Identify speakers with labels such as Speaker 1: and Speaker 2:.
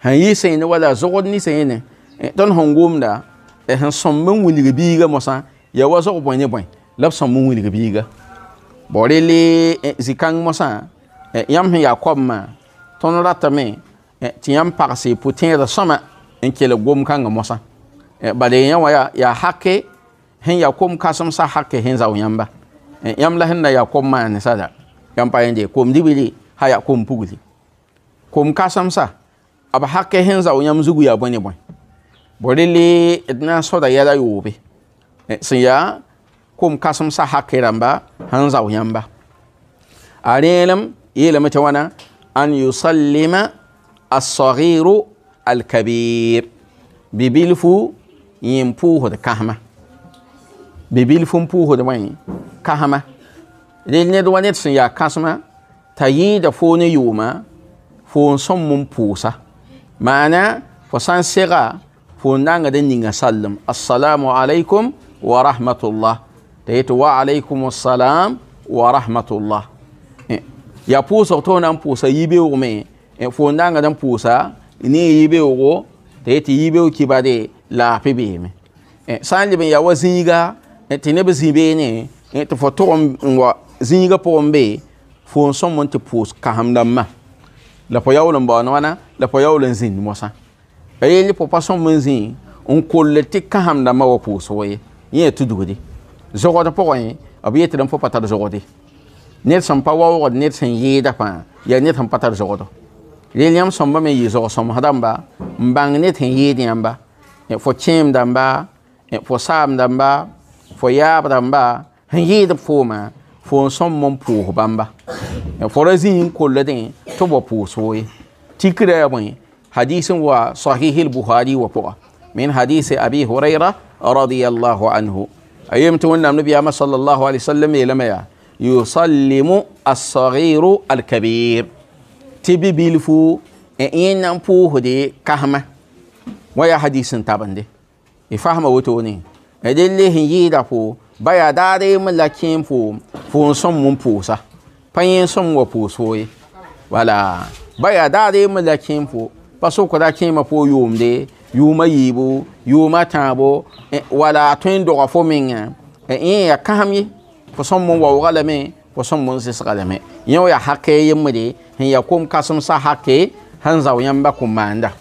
Speaker 1: han yi sẽn wala zogd ninsã yẽne eh, tõnd sẽn gomda sẽn eh, sõmb n wilg biiga mosã ya wa zog bõe ne bõe la b sõmb n wilg biiga bao rele eh, zĩ-kãng mosã yãmb sẽn yaa koamã tõnd ratame tɩ yãmb pagse pʋ-tẽedã sõma n kelg gom-kãngã mosã bala yẽ wã yaa hake sẽn yaa kom-kãsem sa hake sẽn zao yãmba yãmb la sẽn na yaa kom maane sada yãmb pa yẽnde kom-dibri ha kom-pugli kom-kãsem sa Aba hake henza zao zugu ya bõe ne bõe bõ rele d na n sõda yɛla yoobe sẽn yaa sa hake ramba, hanza zao yãmba a rẽelem yeelame wana, an yusallima al kabir bibilfu yẽn de kahama. bibilfu n pʋʋsd bõe kãsema rel ne wa ned sẽn yaa kãsema t'a yɩɩda foo ne yuma, foo son sõm mun معنى فسان سيغا فوندان غدن نيغا سلم السلام عليكم ورحمة الله تيتو وعليكم السلام ورحمة الله يا بوسا تونا بوسا يبيو مي فوندان غدن بوسا ني يبيو تيتي يبيو كيبادي لا بيبيمي sãn leb n ya wa zĩiga tɩ neb zĩ beene tɩ fo tʋg n wa la po yaool n la po yaool zin mo sa a yeel po pa sõm n zĩ n kolle tɩ kãsem dãmbã wa pʋʋsgo ye yẽ yaa tudgde zogd pʋgẽ b abiye n fo pa zo zogde ne sẽn pa waoogd yi da pa fãa ne ned sẽn zo tar li liam yãmb me yɩ ils sont dãmba yi fo kẽem d'amba. fo saam fo ya fo tobo pusoye tikra mai hadisin wa sahihil buhari wa fuqa min hadisi abi huraira radiyallahu anhu ayyam to wannan annabi amma sallallahu alaihi wasallam ya lamaya yusallimu as-saghiru al-kabir tibi bilfu e nan puhu de kahma waya hadisin tabande e fahma wato ne e dalle hin yi da fu baya dare mun lakin fu fu son mun pusa fanyin son wa pusoye wala baya da dai fo fa dare mala kimpo paso kura kima po yomde yuma yibo yuma tabo e, wala tun do ga fo min e in ya kahmi fo son mun wawga me fo son mun sisga me yau ya hakke yimde hin ya kum kasum sa hakke han zawo yan zaw yamba anda